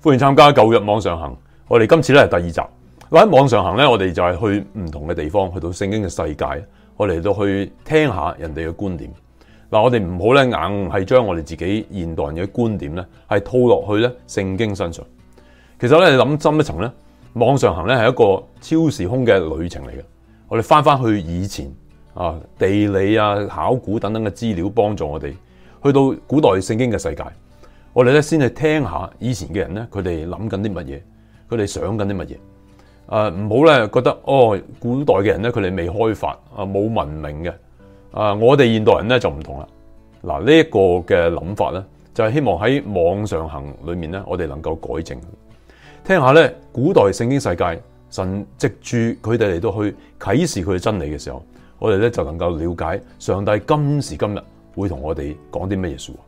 歡迎參加舊約網上行，我哋今次咧係第二集。嗱，喺網上行咧，我哋就係去唔同嘅地方，去到聖經嘅世界，我嚟到去聽下人哋嘅觀點。嗱，我哋唔好咧硬係將我哋自己現代人嘅觀點咧係套落去咧聖經身上。其實咧，你諗深一層咧，網上行咧係一個超時空嘅旅程嚟嘅。我哋翻翻去以前啊，地理啊、考古等等嘅資料，幫助我哋去到古代聖經嘅世界。我哋咧先去聽下以前嘅人咧，佢哋諗緊啲乜嘢，佢哋想緊啲乜嘢。啊，唔好咧覺得哦，古代嘅人咧，佢哋未開發啊，冇文明嘅。啊，我哋現代人咧就唔同啦。嗱，呢一個嘅諗法咧，就係希望喺網上行裏面咧，我哋能夠改正。聽下咧，古代聖經世界神藉住佢哋嚟到去啟示佢嘅真理嘅時候，我哋咧就能夠了解上帝今時今日會同我哋講啲乜嘢說話。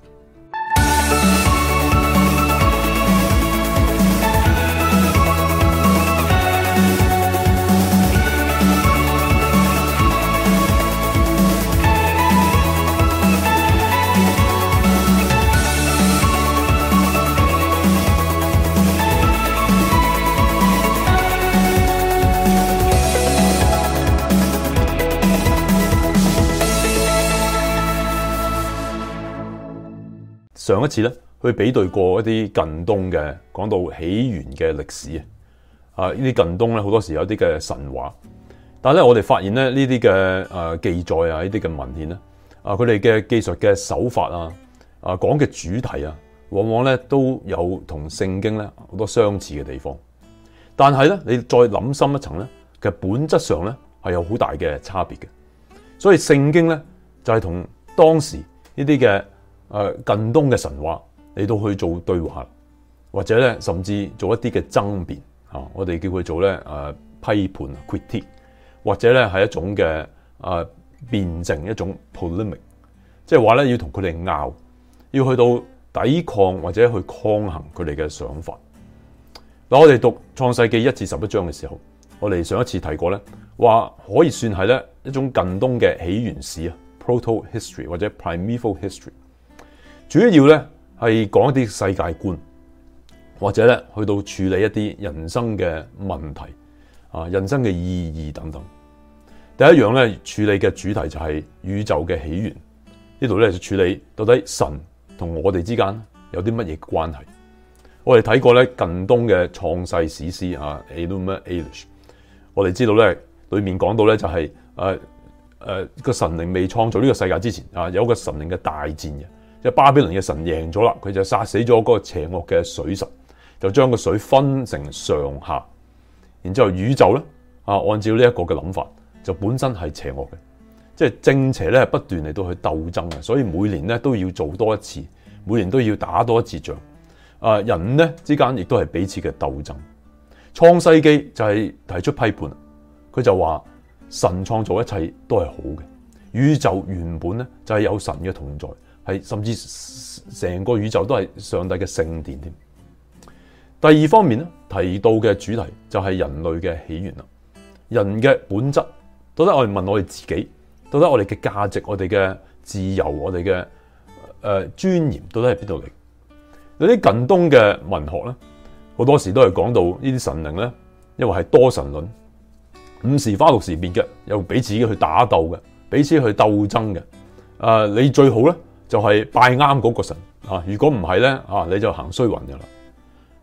一次咧，去比對過一啲近東嘅講到起源嘅歷史啊，啊呢啲近東咧好多時有啲嘅神話，但係咧我哋發現咧呢啲嘅誒記載啊，呢啲嘅文獻咧，啊佢哋嘅記述嘅手法啊，啊講嘅主題啊，往往咧都有同聖經咧好多相似嘅地方，但係咧你再諗深一層咧，其實本質上咧係有好大嘅差別嘅，所以聖經咧就係、是、同當時呢啲嘅。誒近東嘅神話，你都去做對話，或者咧甚至做一啲嘅爭辯嚇。我哋叫佢做咧誒批判 critic，或者咧係一種嘅誒辯證一種 polemic，即係話咧要同佢哋拗，要去到抵抗或者去抗衡佢哋嘅想法。嗱，我哋讀創世記一至十一章嘅時候，我哋上一次提過咧，話可以算係咧一種近東嘅起源史啊 （protohistory） 或者 primeval history）。主要咧係講一啲世界觀，或者咧去到處理一啲人生嘅問題啊，人生嘅意義等等。第一樣咧處理嘅主題就係宇宙嘅起源。呢度咧就處理到底神同我哋之間有啲乜嘢關係。我哋睇過咧近東嘅創世史詩啊，《Aloha》，我哋知道咧裏面講到咧就係誒誒個神靈未創造呢個世界之前啊，有一個神靈嘅大戰嘅。即係巴比倫嘅神贏咗啦，佢就殺死咗嗰個邪惡嘅水神，就將個水分成上下。然之後宇宙咧啊，按照呢一個嘅諗法，就本身係邪惡嘅，即係正邪咧不斷嚟到去鬥爭嘅。所以每年咧都要做多一次，每年都要打多一次仗。啊，人咧之間亦都係彼此嘅鬥爭。創世記就係提出批判，佢就話神創造一切都係好嘅，宇宙原本咧就係有神嘅同在。係，甚至成個宇宙都係上帝嘅聖殿添。第二方面咧，提到嘅主題就係人類嘅起源啦，人嘅本質到底我哋問我哋自己，到底我哋嘅價值、我哋嘅自由、我哋嘅誒，尊嚴到底喺邊度嚟？有啲近東嘅文學咧，好多時都係講到呢啲神靈咧，因為係多神論，五時花六時滅嘅，又俾自己去打鬥嘅，俾自己去鬥爭嘅。誒、呃，你最好咧。就係、是、拜啱嗰個神啊！如果唔係咧啊，你就行衰運噶啦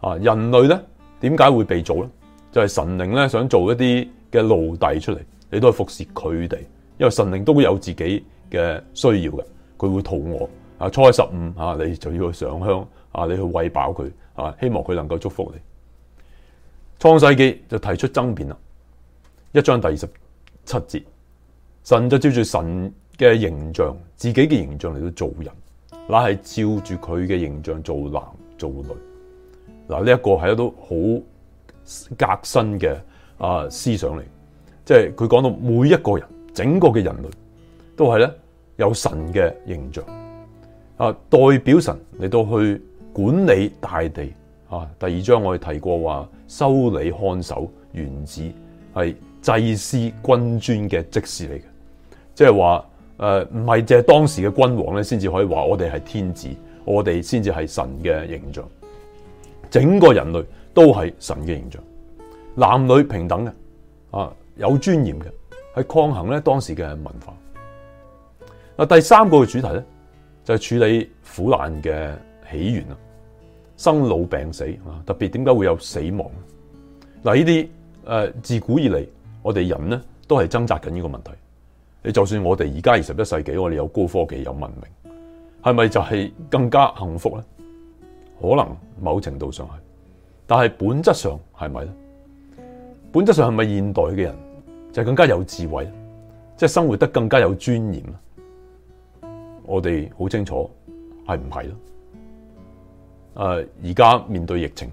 啊！人類咧點解會被造咧？就係、是、神靈咧想造一啲嘅奴隸出嚟，你都係服侍佢哋。因為神靈都會有自己嘅需要嘅，佢會肚餓啊！初一十五啊，你就要去上香啊，你去餵飽佢啊，希望佢能夠祝福你。創世記就提出爭辯啦，一章第二十七節，神就照住神。嘅形象，自己嘅形象嚟到做人，乃係照住佢嘅形象做男做女，嗱呢一個係一都好革新嘅啊思想嚟，即係佢講到每一個人，整個嘅人類都係咧有神嘅形象啊，代表神嚟到去管理大地啊。第二章我哋提過話，修理看守園子係祭司君尊嘅職事嚟嘅，即係話。誒、呃，唔係淨係當時嘅君王咧，先至可以話我哋係天子，我哋先至係神嘅形象。整個人類都係神嘅形象，男女平等嘅，啊，有尊嚴嘅，係抗衡咧當時嘅文化。嗱、啊，第三個嘅主題咧，就係、是、處理苦難嘅起源，生老病死啊，特別點解會有死亡？嗱、啊，呢啲誒，自古以嚟，我哋人咧都係掙扎緊呢個問題。你就算我哋而家二十一世紀，我哋有高科技，有文明，係咪就係更加幸福咧？可能某程度上係，但係本質上係咪咧？本質上係咪現代嘅人就更加有智慧，即係生活得更加有尊嚴啊？我哋好清楚係唔係咯？誒，而家面對疫情，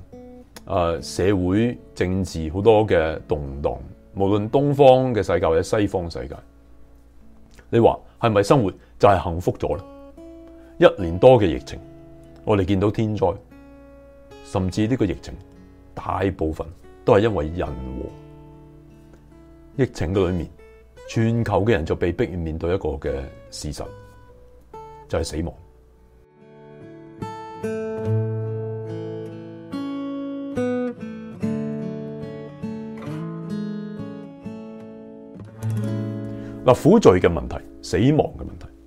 誒，社會政治好多嘅動盪，無論東方嘅世界或者西方世界。你話係咪生活就係幸福咗咧？一年多嘅疫情，我哋見到天災，甚至呢個疫情，大部分都係因為人禍。疫情嘅裏面，全球嘅人就被逼要面對一個嘅事實，就係死亡。嗱，苦罪嘅問題、死亡嘅問題，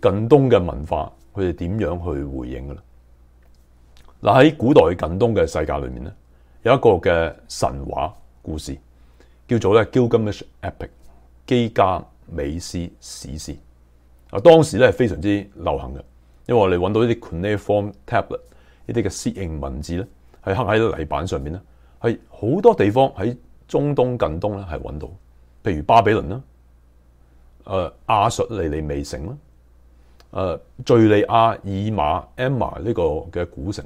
近東嘅文化佢哋點樣去回應嘅咧？嗱，喺古代近東嘅世界裏面咧，有一個嘅神話故事叫做咧《Gilgamesh Epic》，基迦美斯史詩。啊，當時咧係非常之流行嘅，因為我哋揾到一啲 cuneiform tablet，呢啲嘅楔形文字咧係刻喺啲泥板上面咧，係好多地方喺中東近東咧係揾到，譬如巴比倫啦。誒、啊、亞述尼尼微城、啦、啊，誒敍利亞爾馬 Emma 呢個嘅古城，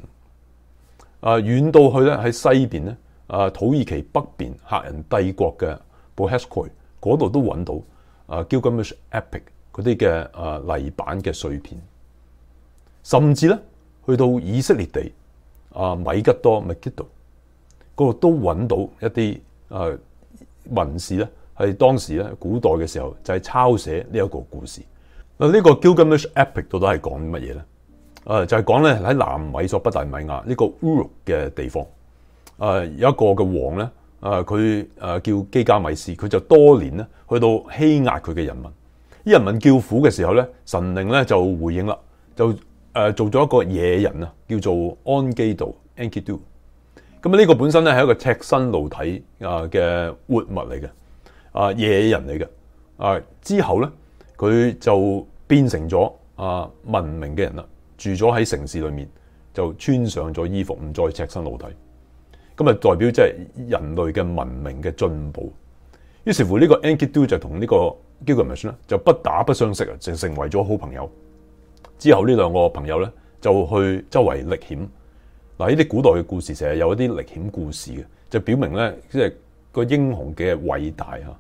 啊遠到去咧喺西邊咧，啊土耳其北邊赫人帝國嘅 Bohaskoy 嗰度都揾到，啊 Gilgamesh Epic 嗰啲嘅誒泥板嘅碎片，甚至咧去到以色列地，啊米吉多 Megiddo 嗰度都揾到一啲誒文士咧。啊係當時咧，古代嘅時候就係、是、抄寫呢一個故事。嗱，呢個《Gilgamesh Epic》到底係講乜嘢咧？啊，就係講咧喺南美索不達米亞呢、這個烏魯嘅地方，啊有一個嘅王咧，啊佢啊叫基加米斯，佢就多年咧去到欺壓佢嘅人民。啲人民叫苦嘅時候咧，神靈咧就回應啦，就誒做咗一個野人啊，叫做安基道。a n k h d o 咁啊，呢、這個本身咧係一個赤身露體啊嘅活物嚟嘅。啊，野人嚟嘅啊，之後咧佢就變成咗啊文明嘅人啦，住咗喺城市裏面，就穿上咗衣服，唔再赤身露體，咁啊代表即係人類嘅文明嘅進步。於是乎呢個 a n k i d u 就同呢個 Gilgamesh 咧就不打不相識啊，就成為咗好朋友。之後呢兩個朋友咧就去周圍歷險。嗱，呢啲古代嘅故事成日有一啲歷險故事嘅，就表明咧即係個英雄嘅偉大啊！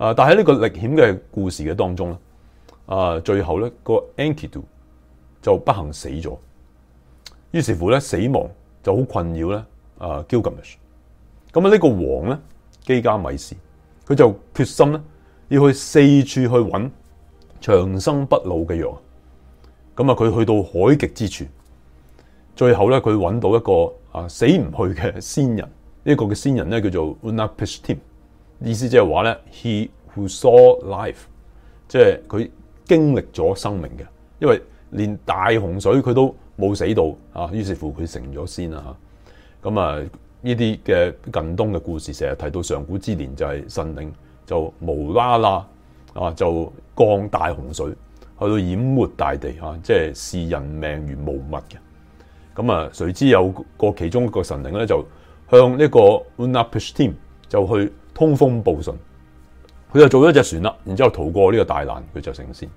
啊、但喺呢個歷險嘅故事嘅當中咧，啊，最後咧、那個 Enkidu 就不幸死咗，於是乎咧死亡就好困擾咧啊，Gilgamesh。咁啊，呢、這個王咧基迦美斯，佢就決心咧要去四處去搵長生不老嘅藥。咁啊，佢去到海極之處，最後咧佢搵到一個啊死唔去嘅仙人，這個、先人呢個嘅仙人咧叫做 Unapishtim。意思即係話咧，he who saw life，即係佢經歷咗生命嘅，因為連大洪水佢都冇死到啊，於是乎佢成咗仙啦嚇。咁啊，呢啲嘅近東嘅故事成日提到上古之年就係神靈就無啦啦啊，就降大洪水去到淹沒大地嚇，即係視人命如無物嘅。咁啊，誰知有個其中一個神靈咧，就向呢個 Unapishtim 就去通風報信。佢就做咗一隻船啦，然之後逃過呢個大難，佢就成仙。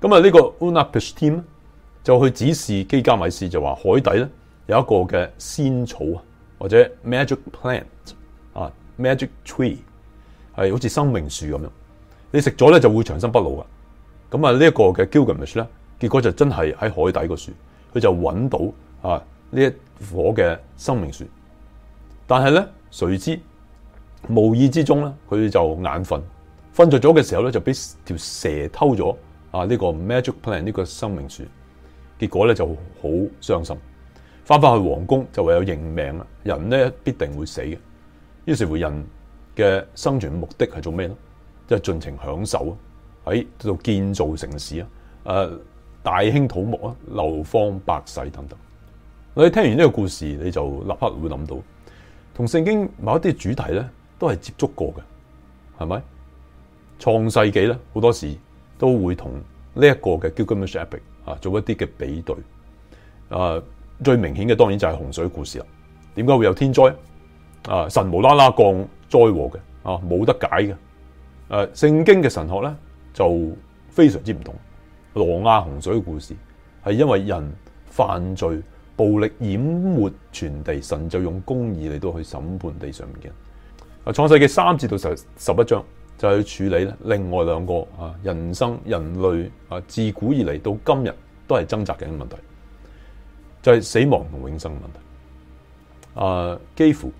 咁啊，呢個 Utnapishtim 就去指示基加米斯，就話海底咧有一個嘅仙草啊，或者 magic plant 啊，magic tree 係好似生命樹咁樣。你食咗咧就會長生不老噶。咁啊，呢一個嘅 Gilgamesh 咧，結果就真係喺海底個樹，佢就揾到啊呢一棵嘅生命樹。但係咧，誰知無意之中咧，佢就眼瞓。瞓着咗嘅時候咧，就俾條蛇偷咗啊！呢個 Magic Plant 呢個生命樹，結果咧就好傷心，翻翻去皇宮就唯有認命啦。人咧必定會死嘅，於是乎人嘅生存目的係做咩咧？即係盡情享受啊，喺度建造城市啊，誒，大興土木啊，流芳百世等等。你聽完呢個故事，你就立刻會諗到，同聖經某一啲主題咧都係接觸過嘅，係咪？創世紀咧，好多時都會同呢一個嘅、啊《Gilgamesh Epic》啊做一啲嘅比對。啊、最明顯嘅當然就係洪水故事啦。點解會有天災？啊，神無啦啦降災禍嘅，啊，冇得解嘅。誒、啊，聖經嘅神學咧就非常之唔同。挪亞洪水嘅故事係因為人犯罪、暴力淹沒全地，神就用公義嚟到去審判地上面嘅人。創、啊、世紀三至到十十一章。就去、是、處理咧，另外兩個啊，人生人類啊，自古以嚟到今日都係掙扎緊嘅問題，就係、是、死亡同永生嘅問題啊。幾乎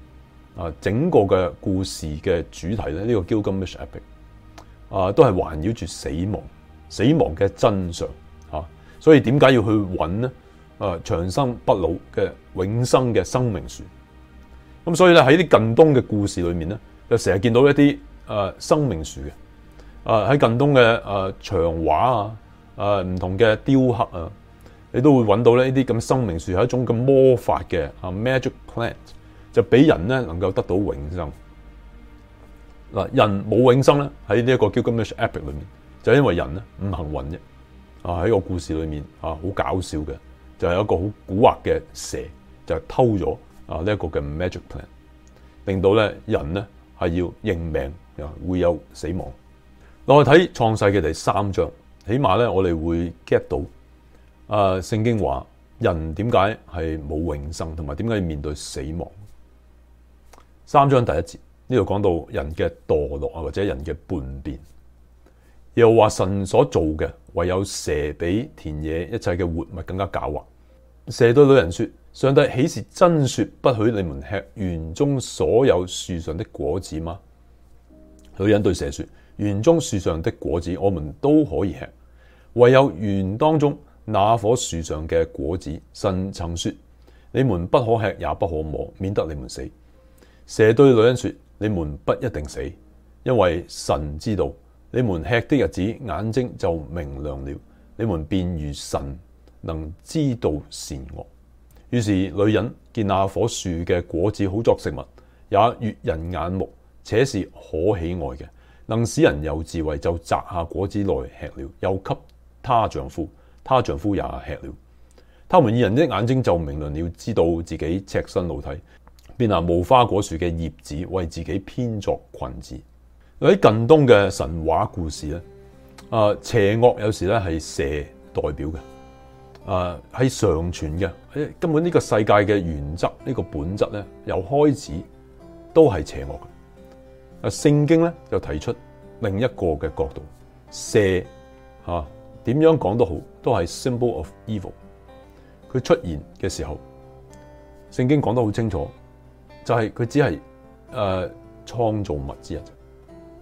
啊，整個嘅故事嘅主題咧，呢、這個《Gilgamesh Epic》啊，都係環繞住死亡、死亡嘅真相嚇、啊。所以點解要去揾咧？啊，長生不老嘅永生嘅生命樹咁，所以咧喺啲近東嘅故事裏面咧，就成日見到一啲。誒、啊，生命樹嘅，誒、啊、喺近東嘅誒牆畫啊，誒、啊、唔、啊、同嘅雕刻啊,你都會揾到呢呢啲咁生命樹係一種咁魔法嘅啊 magic plant，就俾人咧能夠得到永生。嗱、啊，人冇永生咧，喺呢一個《Gilgamesh Epic》裏面，就因為人咧唔幸運啫。啊喺個故事裏面啊好搞笑嘅，就係、是、一個好蠱惑嘅蛇就是、偷咗啊呢一、這個嘅 magic plant，令到咧人咧係要認命，會有死亡。我睇創世嘅第三章，起碼咧我哋會 get 到，誒、呃，聖經話人點解係冇永生，同埋點解要面對死亡？三章第一節呢度講到人嘅墮落啊，或者人嘅叛變，又話神所做嘅唯有蛇比田野一切嘅活物更加狡猾。蛇對女人說：上帝豈是真說不許你們吃園中所有樹上的果子嗎？女人對蛇說：園中樹上的果子我們都可以吃，唯有園當中那棵樹上嘅果子，神曾說：你們不可吃，也不可摸，免得你們死。蛇對女人說：你們不一定死，因為神知道你們吃的日子，眼睛就明亮了，你們便如神，能知道善惡。於是女人見那棵樹嘅果子好作食物，也悅人眼目。且是可喜愛嘅，能使人有智慧，就摘下果子來吃了，又給她丈夫，她丈夫也吃了。他們二人的眼睛就明亮了，要知道自己赤身露體，便拿無花果樹嘅葉子為自己編作裙子。喺近東嘅神話故事咧，誒、呃，邪惡有時咧係蛇代表嘅，誒、呃，喺上傳嘅，根本呢個世界嘅原則呢、呢個本質咧，由開始都係邪惡嘅。啊，聖經咧就提出另一個嘅角度，蛇啊，點樣講都好，都係 symbol of evil。佢出現嘅時候，聖經講得好清楚，就係、是、佢只係誒、呃、創造物之一，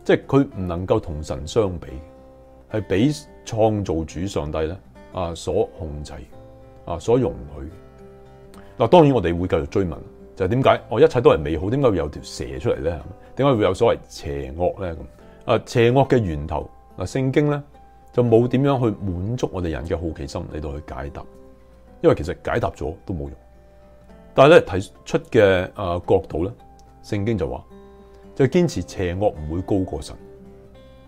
即係佢唔能夠同神相比，係俾創造主上帝咧啊所控制啊所容許。嗱，當然我哋會繼續追問，就係點解我一切都係美好，點解會有條蛇出嚟咧？點解會有所謂邪惡咧？咁啊，邪惡嘅源頭，嗱，聖經咧就冇點樣去滿足我哋人嘅好奇心嚟，到去解答，因爲其實解答咗都冇用。但係咧提出嘅啊角度咧，聖經就話就堅持邪惡唔會高過神，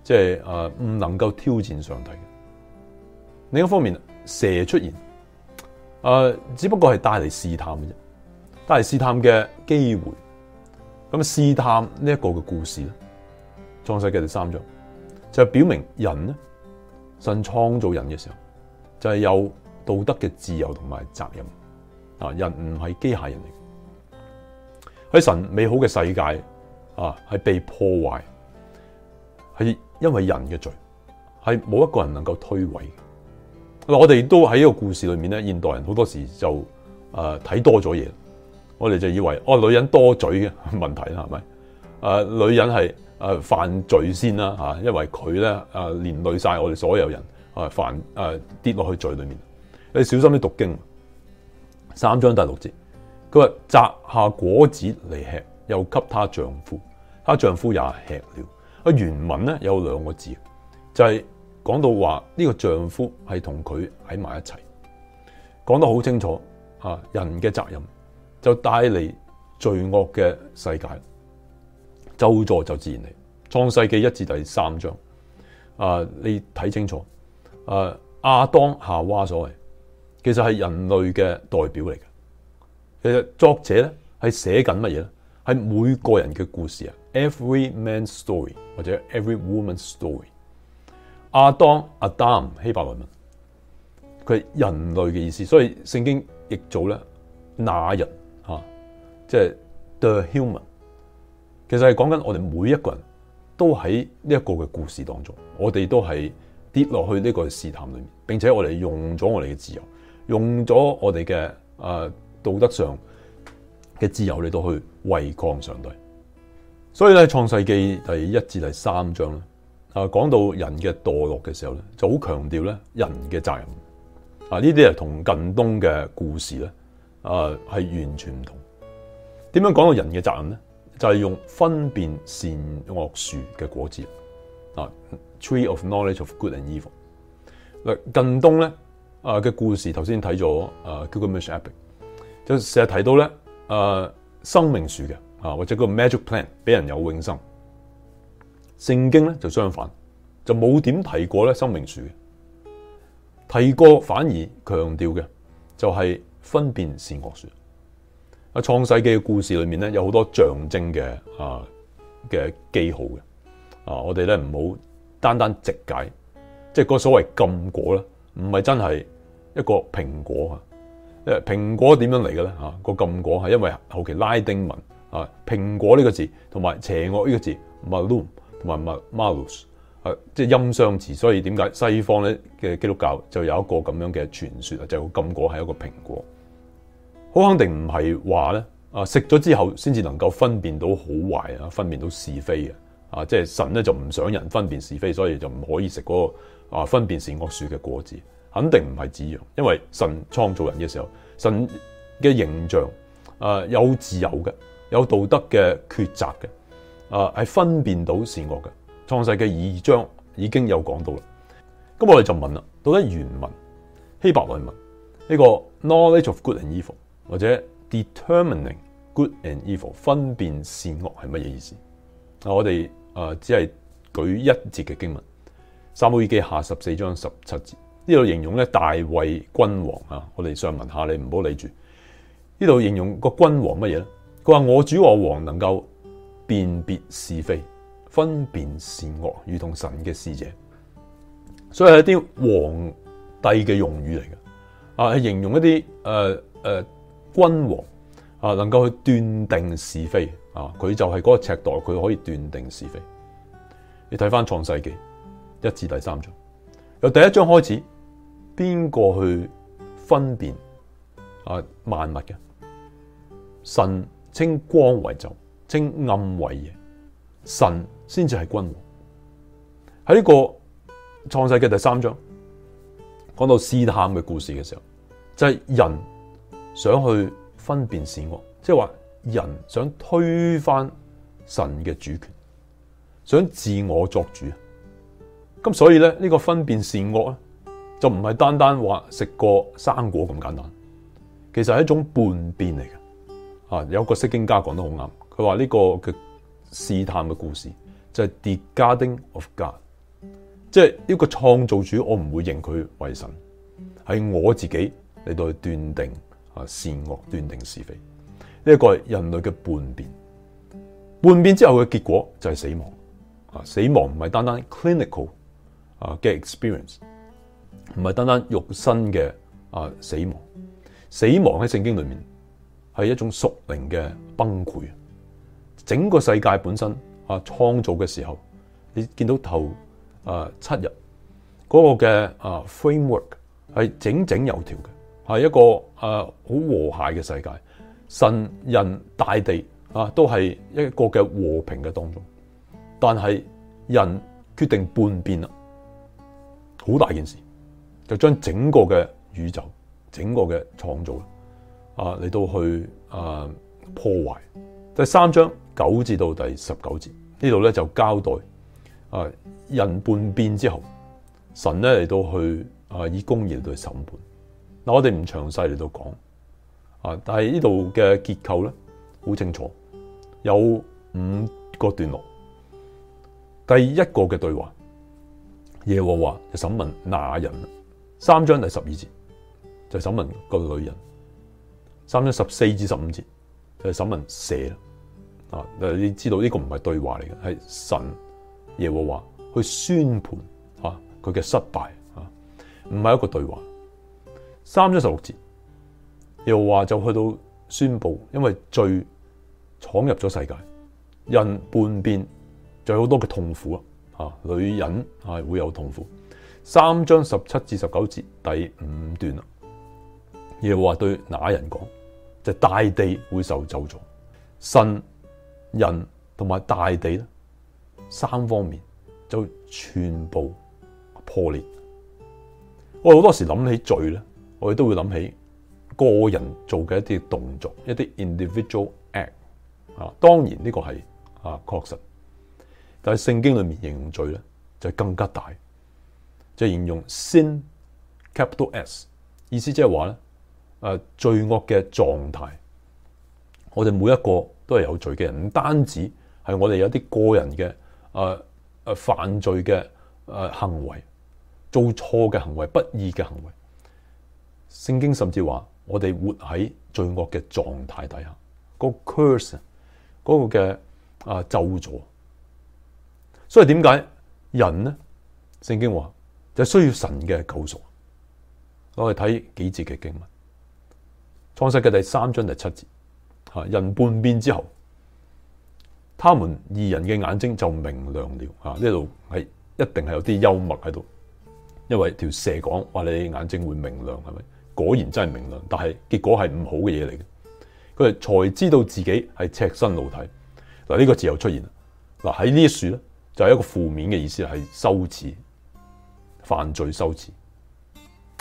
即係啊唔能夠挑戰上帝。另一方面，蛇出現啊，只不過係帶嚟試探嘅，帶嚟試探嘅機會。咁試探呢一個嘅故事咧，《創世記》第三章就表明人咧，神創造人嘅時候就係、是、有道德嘅自由同埋責任啊！人唔係機械人嚟嘅，喺神美好嘅世界啊，係被破壞，係因為人嘅罪，係冇一個人能夠推諉。我哋都喺呢個故事裏面咧，現代人好多時就誒睇、呃、多咗嘢。我哋就以為哦，女人多嘴嘅問題啦，係咪？誒、呃，女人係誒、呃、犯罪先啦嚇、啊，因為佢咧誒連累晒我哋所有人誒犯誒跌落去罪裏面。你小心啲讀經，三章第六節，佢話摘下果子嚟吃，又給她丈夫，她丈夫也吃了。啊，原文咧有兩個字，就係、是、講到話呢、這個丈夫係同佢喺埋一齊，講得好清楚嚇、啊，人嘅責任。就帶嚟罪惡嘅世界，咒詛就自然嚟。創世記一至第三章，啊、呃，你睇清楚，阿亞當夏娃所謂，其實係人類嘅代表嚟嘅。其實作者咧係寫緊乜嘢咧？係每個人嘅故事啊，Every man's story 或者 Every woman's story。阿當 Adam 希伯來文，文，佢係人類嘅意思，所以聖經譯做咧，那人。即係 the human，其實係講緊我哋每一個人都喺呢一個嘅故事當中，我哋都係跌落去呢個試探裏面，並且我哋用咗我哋嘅自由，用咗我哋嘅誒道德上嘅自由嚟到去違抗上帝。所以咧，《創世記》第一至第三章咧，啊講到人嘅墮落嘅時候咧，就好強調咧人嘅責任啊。呢啲係同近東嘅故事咧，啊係完全唔同。點樣講到人嘅責任咧？就係、是、用分辨善惡樹嘅果子啊，Tree of Knowledge of Good and Evil。嗱，近東咧啊嘅故事，頭先睇咗啊，叫個 Gilgamesh Epic 就成日提到咧、呃、生命樹嘅啊或者個 magic plant 俾人有永生。聖經咧就相反，就冇點提過咧生命樹嘅，提過反而強調嘅就係分辨善惡樹。創啊，創世記嘅故事裏面咧，有好多象徵嘅啊嘅記號嘅啊，我哋咧唔好單單直解，即係嗰所謂禁果咧，唔係真係一個蘋果啊！誒，蘋果點樣嚟嘅咧？嚇、這，個禁果係因為後期拉丁文啊，蘋果呢個字同埋邪惡呢個字 malum 同埋 malus 啊，即係音相似，所以點解西方咧嘅基督教就有一個咁樣嘅傳說啊，就係、禁果係一個蘋果。好肯定唔係話咧，啊食咗之後先至能夠分辨到好壞啊，分辨到是非嘅，啊即係神咧就唔想人分辨是非，所以就唔可以食嗰個啊分辨善惡樹嘅果子，肯定唔係指樣，因為神創造人嘅時候，神嘅形象啊有自由嘅，有道德嘅抉擇嘅，啊係分辨到善惡嘅，創世嘅二章已經有講到啦。咁我哋就問啦，到底原文希伯來文呢、這個 knowledge of good and evil？或者 determining good and evil 分辨善惡係乜嘢意思啊？我哋只係舉一節嘅經文《撒母耳記》下十四章十七節，呢度形容咧大衛君王啊。我哋上文下理不要，唔好理住呢度形容個君王乜嘢咧？佢話我主我王能夠辨別是非，分辨善惡，如同神嘅使者，所以係一啲皇帝嘅用語嚟嘅啊，係形容一啲誒誒。呃呃君王啊，能夠去斷定是非啊，佢就係嗰個尺度，佢可以斷定是非。你睇翻《創世記》一至第三章，由第一章開始，邊個去分辨啊萬物嘅？神稱光為晝，稱暗為夜，神先至係君王。喺呢、這個《創世記》第三章，講到試探嘅故事嘅時候，就係、是、人。想去分辨善惡，即係話人想推翻神嘅主權，想自我作主。咁所以咧，呢、這個分辨善惡啊，就唔係單單話食個生果咁簡單。其實係一種叛變嚟嘅啊。有個釋經家講得好啱，佢話呢個嘅試探嘅故事就係、是、the dethroning of God，即係呢個創造主，我唔會認佢為神，係我自己嚟到去斷定。啊，善惡斷定是非，呢一個係人類嘅叛變，叛變之後嘅結果就係死亡。啊，死亡唔係單單 clinical 啊嘅 experience，唔係單單肉身嘅啊死亡。死亡喺聖經裏面係一種屬靈嘅崩潰。整個世界本身啊，創造嘅時候，你見到頭啊七日嗰、那個嘅啊 framework 係整整有條嘅。係一個誒好和諧嘅世界，神人大地啊，都係一個嘅和平嘅當中。但係人決定叛變啦，好大件事，就將整個嘅宇宙、整個嘅創造啊嚟到去誒破壞。第三章九至到第十九節呢度咧就交代，誒人叛變之後，神咧嚟到去以公義嚟到去審判。嗱，我哋唔詳細嚟到講啊，但係呢度嘅結構咧好清楚，有五個段落。第一個嘅對話，耶和華就審問那人，三章第十二節就係審問個女人，三章十四至十五節就係審問蛇啊。你知道呢個唔係對話嚟嘅，係神耶和華去宣判啊佢嘅失敗啊，唔係一個對話。三章十六節，又話就去到宣布，因為罪闖入咗世界，人叛變，就有好多嘅痛苦啊！吓，女人係會有痛苦。三章十七至十九節第五段啦，又話對那人講，就是、大地會受咒詛，神人同埋大地咧，三方面就全部破裂。我好多時諗起罪咧。我哋都會諗起個人做嘅一啲動作，一啲 individual act 啊。當然呢個係啊確實，但係聖經裏面形容罪咧就是更加大，就係、形容 sin capital S，意思即係話咧呃、罪惡嘅狀態。我哋每一個都係有罪嘅人，唔單止係我哋有啲個人嘅、呃、犯罪嘅、呃、行為，做錯嘅行為，不義嘅行為。聖經甚至話我哋活喺罪惡嘅狀態底下，個 curse 嗰個嘅啊咒咗，所以點解人呢？聖經話就需要神嘅救贖。我哋睇幾節嘅經文，創世嘅第三章第七節，吓，人叛變之後，他們二人嘅眼睛就明亮了。吓，呢度係一定係有啲幽默喺度，因為條蛇講話你眼睛會明亮係咪？果然真係明亮，但係結果係唔好嘅嘢嚟嘅。佢係才知道自己係赤身露體嗱。呢、這個字又出現啦。嗱喺呢一處咧就係、是、一個負面嘅意思係羞恥、犯罪、羞恥。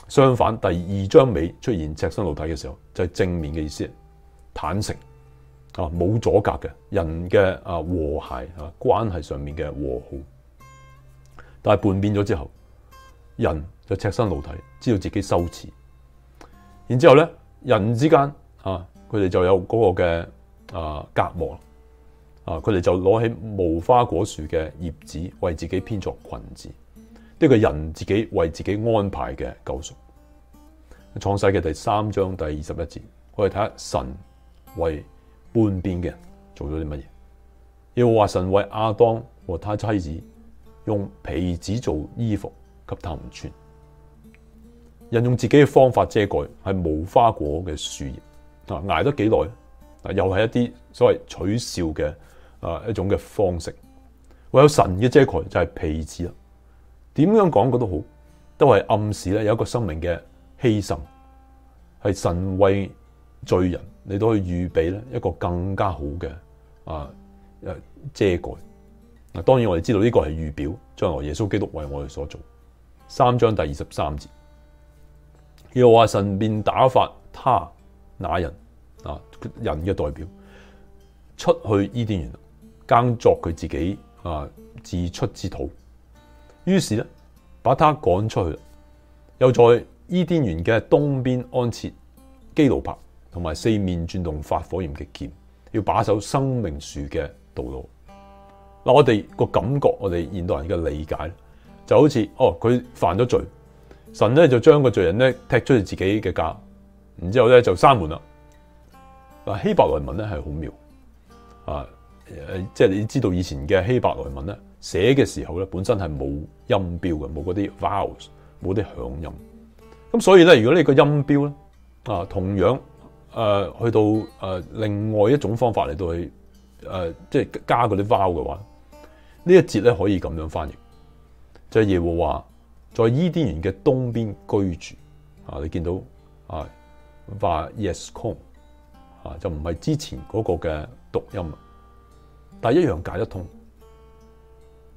相反，第二章尾出現赤身露體嘅時候就係、是、正面嘅意思，坦誠啊，冇阻隔嘅人嘅啊和諧啊關係上面嘅和好。但係叛變咗之後，人就赤身露體，知道自己羞恥。然之後咧，人之間啊，佢哋就有嗰個嘅啊隔膜，啊，佢哋就攞、啊啊、起無花果樹嘅葉子，為自己編作裙子，呢、這個人自己為自己安排嘅救贖。創世嘅第三章第二十一節，我哋睇下神為叛變嘅人做咗啲乜嘢？要話神為亞當和他妻子用皮子做衣服，給他們穿。人用自己嘅方法遮蓋係無花果嘅樹葉，吓挨得幾耐啊？又係一啲所謂取笑嘅啊一種嘅方式。唯有神嘅遮蓋就係、是、皮子啦。點樣講嘅都好，都係暗示咧有一個生命嘅犧牲係神為罪人，你都可以預備咧一個更加好嘅啊誒遮蓋。嗱，當然我哋知道呢個係預表將來耶穌基督為我哋所做三章第二十三節。又話，神便打發他那人啊，人嘅代表出去伊甸園耕作佢自己啊自出之土，於是咧把他趕出去，又在伊甸園嘅東邊安設基路伯，同埋四面轉動發火焰嘅劍，要把守生命樹嘅道路。嗱，我哋個感覺，我哋現代人嘅理解就好似哦，佢犯咗罪。神咧，就將個罪人咧踢出去自己嘅家，然之後咧就閂門啦。嗱，希伯來文咧係好妙啊！即係你知道以前嘅希伯來文咧寫嘅時候咧本身係冇音標嘅，冇嗰啲 vowels，冇啲響音。咁所以咧如果你個音標咧啊同樣誒、啊、去到誒、啊、另外一種方法嚟到去誒、啊、即係加嗰啲 vowel 嘅話，呢一節咧可以咁樣翻譯，就係、耶和華。在伊甸園嘅東邊居住看啊，你見到啊，話 yescon 啊，就唔係之前嗰個嘅讀音，但係一樣解得通。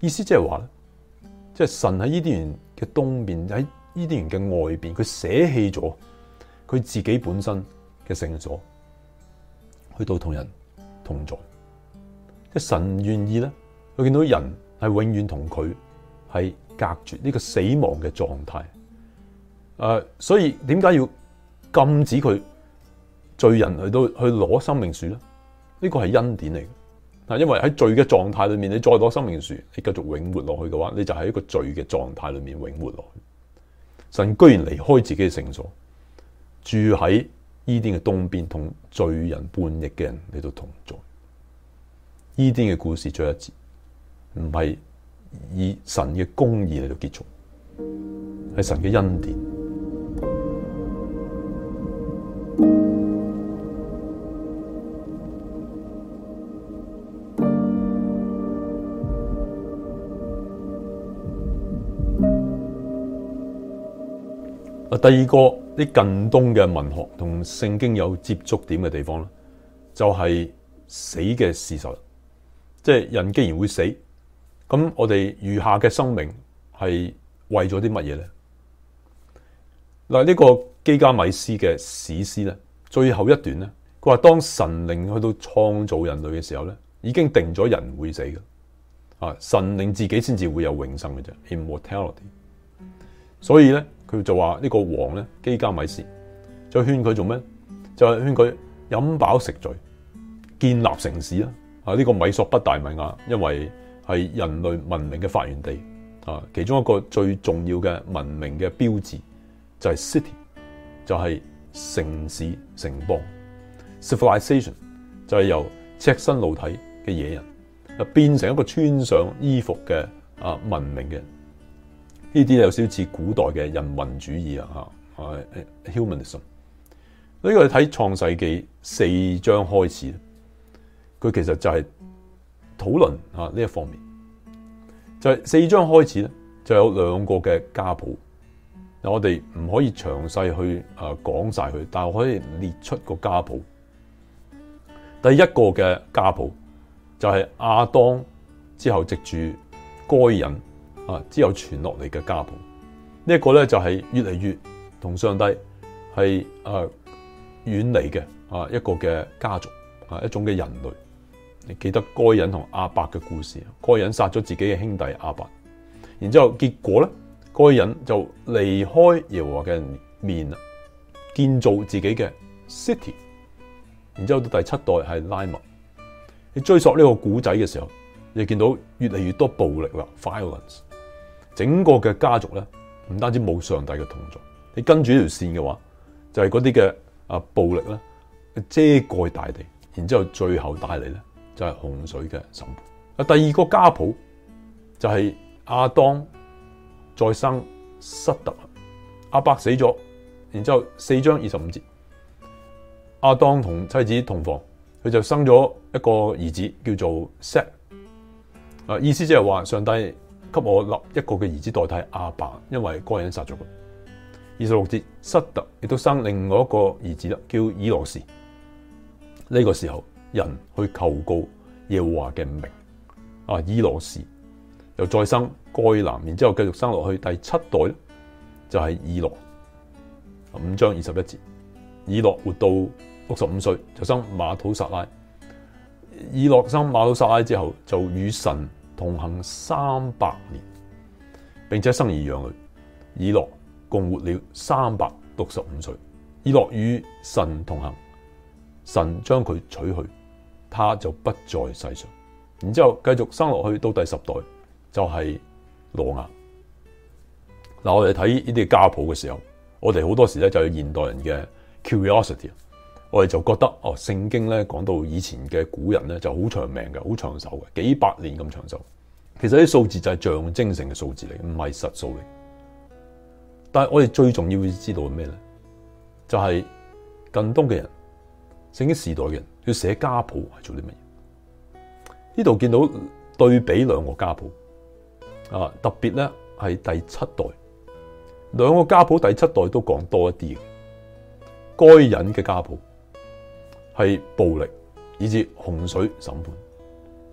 意思即係話咧，即係神喺伊甸園嘅東邊，喺伊甸園嘅外邊，佢捨棄咗佢自己本身嘅聖所，去到同人同在。即係神唔願意咧，佢見到人係永遠同佢係隔絕呢個死亡嘅狀態，誒，所以點解要禁止佢罪人去到去攞生命樹咧？呢個係恩典嚟。嗱，因為喺罪嘅狀態裏面，你再攞生命樹，你繼續永活落去嘅話，你就喺一個罪嘅狀態裏面永活落去。神居然離開自己嘅聖所，住喺伊甸嘅東邊同罪人、叛逆嘅人，你都同罪。伊甸嘅故事最後一節唔係。以神嘅公義嚟到結束，係神嘅恩典。啊，第二個啲近東嘅文學同聖經有接觸點嘅地方咧，就係死嘅事實，即係人既然會死。咁我哋餘下嘅生命係為咗啲乜嘢咧？嗱，呢個基加米斯嘅史詩咧，最後一段咧，佢話當神靈去到創造人類嘅時候咧，已經定咗人會死嘅啊。神靈自己先至會有永生嘅啫，immortality。所以咧，佢就話呢個王咧，基加米斯，就勸佢做咩？就係勸佢飲飽食醉，建立城市啦。啊，呢個米索不大米亞，因為。係人類文明嘅發源地啊，其中一個最重要嘅文明嘅標誌就係 city，就係城市、城邦。c i v i l i z a t i o n 就係由赤身露體嘅野人啊變成一個穿上衣服嘅啊文明嘅，呢啲有少少似古代嘅人民主義啊嚇 ，humanism。呢、這個你睇《創世記》四章開始，佢其實就係、是。討論啊呢一方面，就係、是、四章開始咧，就有兩個嘅家譜。嗱，我哋唔可以詳細去誒講晒佢，但係可以列出個家譜。第一個嘅家譜就係亞當之後藉住該人啊之後傳落嚟嘅家譜。呢、這個、一個咧就係越嚟越同上帝係誒遠離嘅啊一個嘅家族啊一種嘅人類。你記得該隱同阿伯嘅故事，該隱殺咗自己嘅兄弟阿伯，然之後結果咧，該隱就離開耶和華嘅面啦，建造自己嘅 city，然之後到第七代係拉麥。你追溯呢個古仔嘅時候，你見到越嚟越多暴力啦 （violence），整個嘅家族咧，唔單止冇上帝嘅同在，你跟住呢條線嘅話，就係嗰啲嘅啊暴力呢，遮蓋大地，然之後最後帶嚟咧，就係洪水嘅神。啊，第二個家譜就係、是、阿當再生失特，阿伯死咗，然之後四章二十五節，阿當同妻子同房，佢就生咗一個兒子叫做塞啊，意思即係話上帝給我立一個嘅兒子代替阿伯，因為該隱殺咗佢。二十六節，失特亦都生另外一個兒子啦，叫以羅士。呢、這個時候。人去求告耶和華嘅名，啊，以挪士又再生該南，然之後繼續生落去第七代咧，就係以諾。五章二十一節，以諾活到六十五歲，就生馬土撒拉。以諾生馬土撒拉之後，就與神同行三百年，並且生兒養女。以諾共活了三百六十五歲。以諾與神同行，神將佢取去。他就不在世上，然之後繼續生落去到第十代就係、是、挪亞。嗱，我哋睇呢啲家譜嘅時候，我哋好多時咧就有現代人嘅 curiosity，我哋就覺得哦，聖經咧講到以前嘅古人咧就好長命嘅，好長壽嘅，幾百年咁長壽。其實啲數字就係象徵性嘅數字嚟，唔係實數嚟。但係我哋最重要要知道係咩咧？就係近東嘅人，聖經時代嘅人。要寫家譜係做啲乜嘢？呢度見到對比兩個家譜，啊，特別咧係第七代，兩個家譜第七代都講多一啲。該隱嘅家譜係暴力，以致洪水審判，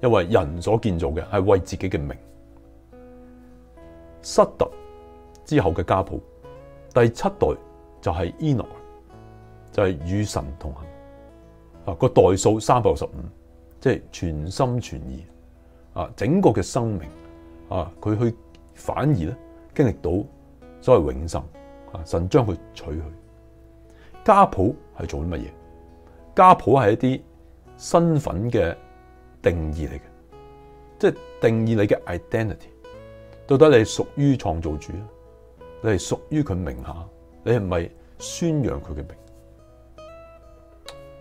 因為人所建造嘅係為自己嘅名。塞特之後嘅家譜，第七代就係以諾，就係與神同行。個代數三百六十五，即係全心全意啊！整個嘅生命啊，佢去反而咧經歷到所謂永生啊！神將佢取去，家譜係做啲乜嘢？家譜係一啲身份嘅定義嚟嘅，即係定義你嘅 identity，到底你係屬於創造主啊？你係屬於佢名下？你係咪宣揚佢嘅名？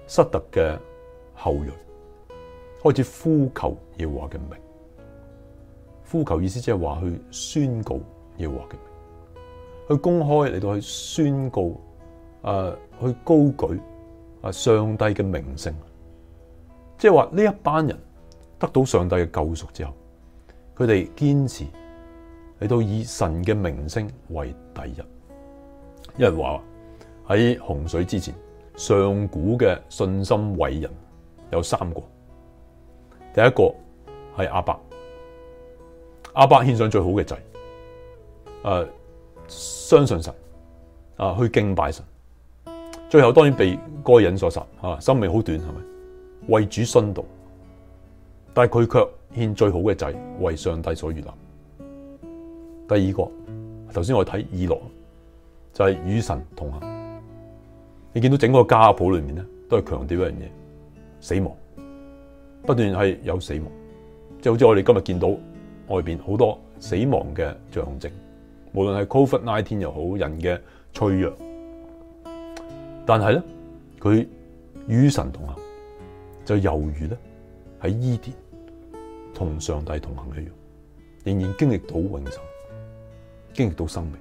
失特嘅後裔開始呼求耶和華嘅名，呼求意思即係話去宣告耶和華嘅名，去公開嚟到去宣告，誒、呃、去高舉啊上帝嘅名聲，即係話呢一班人得到上帝嘅救贖之後，佢哋堅持嚟到以神嘅名聲為第一。有人話喺洪水之前。上古嘅信心偉人有三個，第一個係阿伯，阿伯獻上最好嘅祭，誒，相信神，啊去敬拜神，最後當然被嗰人所殺，啊生命好短係咪？為主殉道，但係佢卻獻最好嘅祭，為上帝所悅納。第二個，頭先我睇以諾，就係、是、與神同行。你見到整個家譜裏面咧，都係強調一樣嘢，死亡不斷係有死亡，即係好似我哋今日見到外邊好多死亡嘅象徵，無論係 COVID-19 又好，人嘅脆弱，但係咧佢與神同行，就猶如咧喺伊甸同上帝同行一樣，仍然經歷到永生，經歷到生命。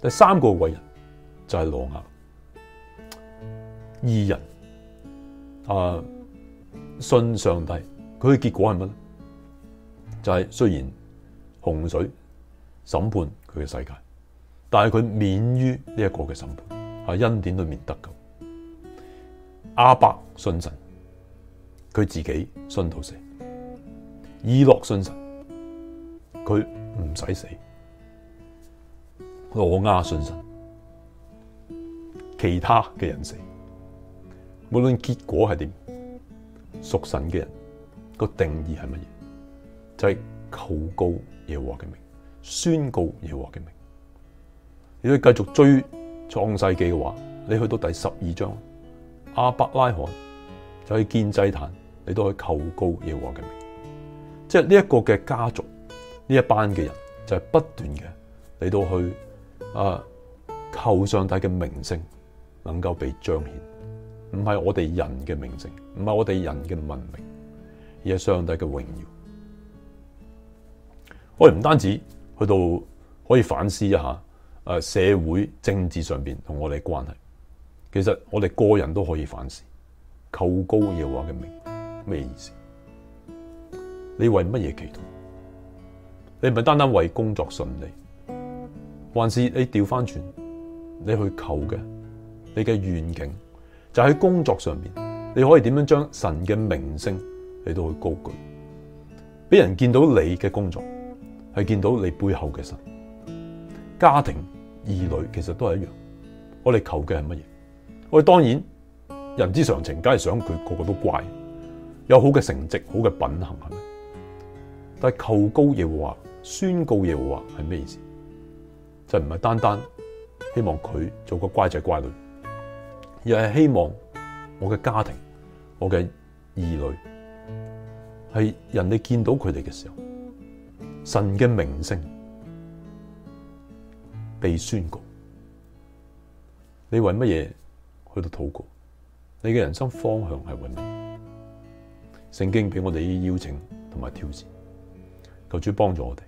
第三個為人。就係、是、羅亞義人啊信上帝，佢嘅結果係乜咧？就係、是、雖然洪水審判佢嘅世界，但係佢免於呢一個嘅審判，喺、啊、恩典裏面得救。亞伯信神，佢自己信到死；以諾信神，佢唔使死；羅亞信神。其他嘅人死，無論結果係點，屬神嘅人個定義係乜嘢？就係、是、求告耶和華嘅名，宣告耶和華嘅名。如果你要繼續追創世記嘅話，你去到第十二章，亞伯拉罕就去建祭壇，你都可以求告耶和華嘅名。即係呢一個嘅家族，呢一班嘅人就係、是、不斷嘅嚟到去啊求上帝嘅名聲。能夠被彰顯，唔係我哋人嘅名聲，唔係我哋人嘅文明，而係上帝嘅榮耀。我哋唔單止去到可以反思一下，誒，社會政治上邊同我哋嘅關係，其實我哋個人都可以反思。求高嘅嘢話嘅名，咩意思？你為乜嘢祈禱？你唔係單單為工作順利，還是你調翻轉，你去求嘅？你嘅願景就喺工作上面，你可以點樣將神嘅名聲嚟到去高舉，俾人見到你嘅工作係見到你背後嘅神。家庭兒女其實都係一樣，我哋求嘅係乜嘢？我哋當然人之常情，梗係想佢個個都乖，有好嘅成績、好嘅品行係咪？但係求高嘢嘅話，宣告嘢嘅話係咩意思？就唔係單單希望佢做個乖仔乖女。又係希望我嘅家庭，我嘅兒女，係人哋見到佢哋嘅時候，神嘅名聲被宣告。你為乜嘢去到禱告？你嘅人生方向係為咩？聖經俾我哋啲邀請同埋挑戰，求主幫助我哋，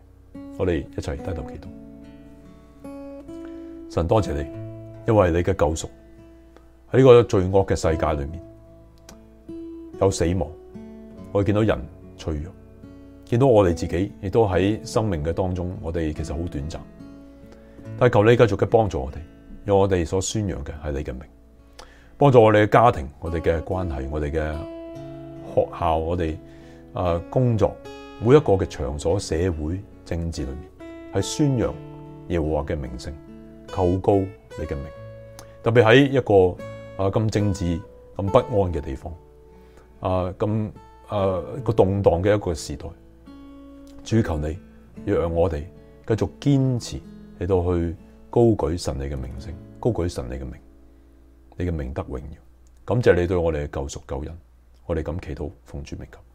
我哋一齊低頭祈禱。神多謝你，因為你嘅救贖。喺呢個罪惡嘅世界裏面，有死亡，我哋見到人脆弱，見到我哋自己亦都喺生命嘅當中，我哋其實好短暫。但係求你繼續嘅幫助我哋，用我哋所宣揚嘅係你嘅名，幫助我哋嘅家庭、我哋嘅關係、我哋嘅學校、我哋誒工作，每一個嘅場所、社會、政治裏面，係宣揚耶和華嘅名聲，求告你嘅名，特別喺一個。啊！咁政治咁不安嘅地方，啊咁啊個動蕩嘅一個時代，主求你，讓我哋繼續堅持嚟到去高舉神你嘅名聲，高舉神你嘅名，你嘅名得永榮耀。感謝你對我哋嘅救贖救恩，我哋咁祈禱奉主名求。